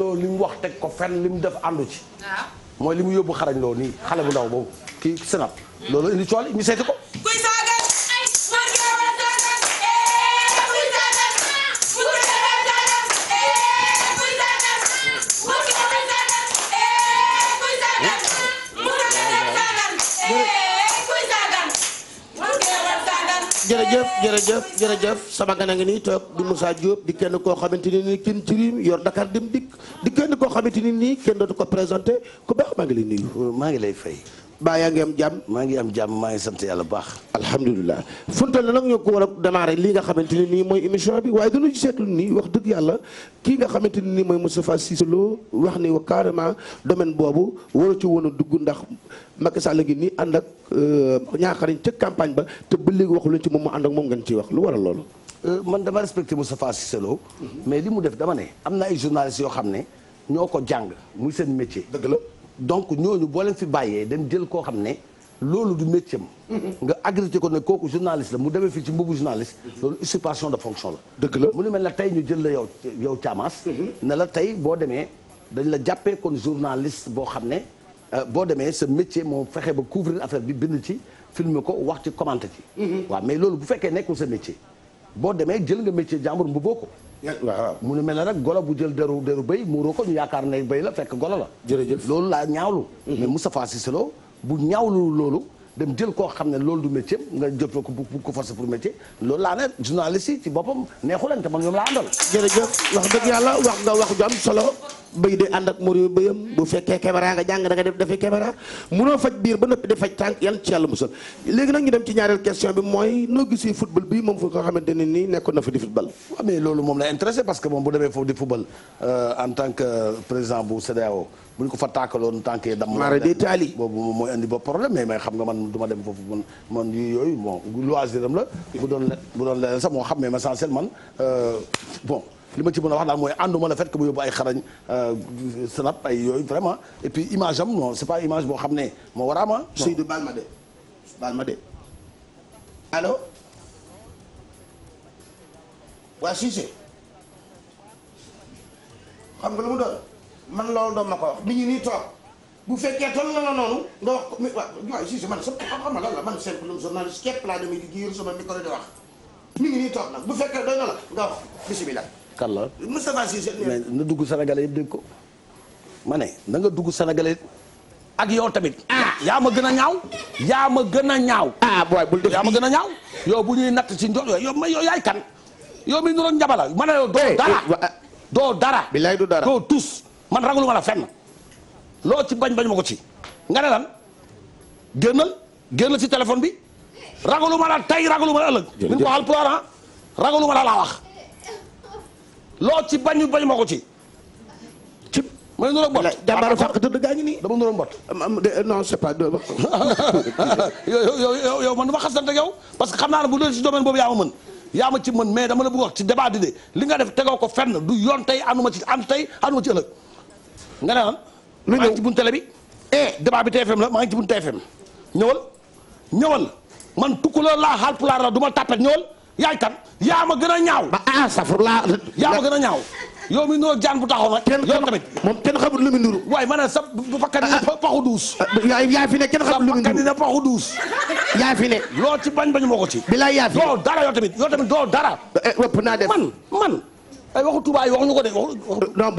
loo li mu wax teg ko fenn li mu def àndu ci mooy li mu yóbbu xarañ loo nii xale bu ndaw boobu kii senap hmm. loolu indi cool ñu seeti ko jërëjëf jërëjëf jërëjëf sama gan a ngi nii toog di Moussa Diop di kenn koo xamante ni nii kenn ci riim yor Dakar dem dikk di kenn koo xamante ni nii kenn dootu ko présenté ku baax maa ngi lay nuyu. maa ngi lay fay. baa yaa ngi am jàmm maa ngi am jàmm maa ngi sant yàlla bu baax alhamdulilah Fountale nag ñoo ko war a lii nga xamante ne nii mooy émission bi waaye dañu seetlu nii wax dëgg yàlla kii nga xamante ne nii mooy Moustapha Cissé Lo wax ni carrément domaine boobu waru ci woon a dugg ndax Macky Sall gi nii ànd ak euh, ñaaxariñ ca campagne ba te ba léegi waxu leen ci moom mu ànd ak moom ngeen ciy wax lu waral loolu euh, man dama respecté Moustapha Cissé Lo mais li mu def dama ne am na ay journalistes yoo xam ne ñoo ko jàng muy seen métier dëgg la donc ñooñu boo leen fi bàyyee dem jël koo xam ne loolu du métier nga agrité ko ne kooku journaliste la mu demee fii ci mbubu journaliste. loolu usurpation de fonction la. dëgg la mu ne mel la tey ñu jël la yow yow Thiamas. Mhm. ne la tey boo demee dañ la jàppee kon journalist boo xam ne euh, boo demee sa métier moo fexe ba couvrir affaire bi bind ci filmer ko wax ci commenter ci. Mhm. waa mais loolu bu fekkee nekkul sa métier. boo demee jël nga métier jàmbur mbuboo ko waaw mu ne mel na nag golo bu jël deru deru béy muuroo ko ñu yaakaar ne béy la fekk golo la jërëjëf loolu laa ñaawlu mhm. mais Moustapha Cissé Lo bu ñaawlu loolu dem jël koo xam ne loolu du métier nga jot ko bu ko forcer pour métier loolu laa ne journaliste ci boppam neexu leen te man ñoom laa àndal jërëjëf wax dëgg yàlla wax nga wax ju solo bëy de ànd ak moro bëyam bu fekkee caméra nga jàng da nga def defi caméra munoo faj biir ba noppi di faj tànk yan ci yàlla musal léegi nag ñu dem ci ñaareel question bi mooy noo gisee football bi moom fu nga xamante ne nii nekkoon na fi di football. waaw mais loolu moom la intéressé parce que moom bu demee foofu di football euh, en tant que euh, président bu CEDEAO bu ñu ko fa taakaloon tànkee dam mara de taali boobu moom mooy andi ba problème mais mais xam nga man duma dem foofu man man yooyu bon loisir am la bu doon bu doon leneen sax moo xam mais essentiel man euh, bon li ma ci mën a wax daal mooy ànduma la fait que mu yóbbu ay xarañ euh, snap ay yooy vraiment et image am non c'est pas image boo xam ne moo waraama ah. Seydou baal de baal ma de allo waa Cissé xam nga lu mu doon man loolu doon ma ko wax mi ñu ni toog bu fekkee toll na la noonu nga wax ko waaye Cissé man sama xam nga lan la man simple journaliste laa demee di jiir sama micro di wax mi ngi nii toog nag bu fekkee doy na nga wax bisimilah kan na dugg Sénégalais yëpp dégg ko ma ne na nga dugg Sénégalais ak yow tamit. Ah. yaa ma gën a ñaaw. yaa ma gën a ñaaw. ah booy gën a ñaaw. yow bu ñuy natt ci njool yow yow yaay kan yow mi niroon njabala ma ne yow doo eh, dara eh, eh. doo dara. billaay doo tus man ragalu ma la fenn. loo ci bañ bañ ma ko ci nga ne lan génnal génnal ci téléphone bi ragalu ma la tey ragalu ma la ëllëg. min ko alpulaar ah ragalu ma la wax. loo ci bañ bañ ma ko ci. ci ma ne bot jàmbaaru fàq dëgg gaa ngi nii dama nuroog bot. non c'est pas yow yow yow man du ma xasante yow parce que xam naa ne bu dee ci domaine boobu yaa ma mën. yaa ma ci mën mais dama la bëgg wax ci débat bi de li nga def tegoo ko fenn du yoon tey anuma ci ànd tey anuma ci ëllëg nga ne lan lu ñëw ci buntu télé bi eh, eh débat bi TFM la maa ngi ci buntu TFM ñëwal ñëwal man tukkuloo laa xaal pulaar la du ma tàppet ñëwal yaay kan yaa a gën a ñaaw. ba ah safurlaa. yaa a gën a ñaaw. yow mi noo jaan bu taxaw rek. yow tamit moom kenn xamul lu mu nuru. waaye ma ne sa bakkan dina ah, ah. paxu duus. Ah, yaa kenn xamul lu mu nuru sa loo ci bañ bañ moo ko ci. bilaay doo dara yow tamit doo dara. Eh, eh, ëpp naa def man man. ay waxu tubaab yi waxuñu ko de waxu.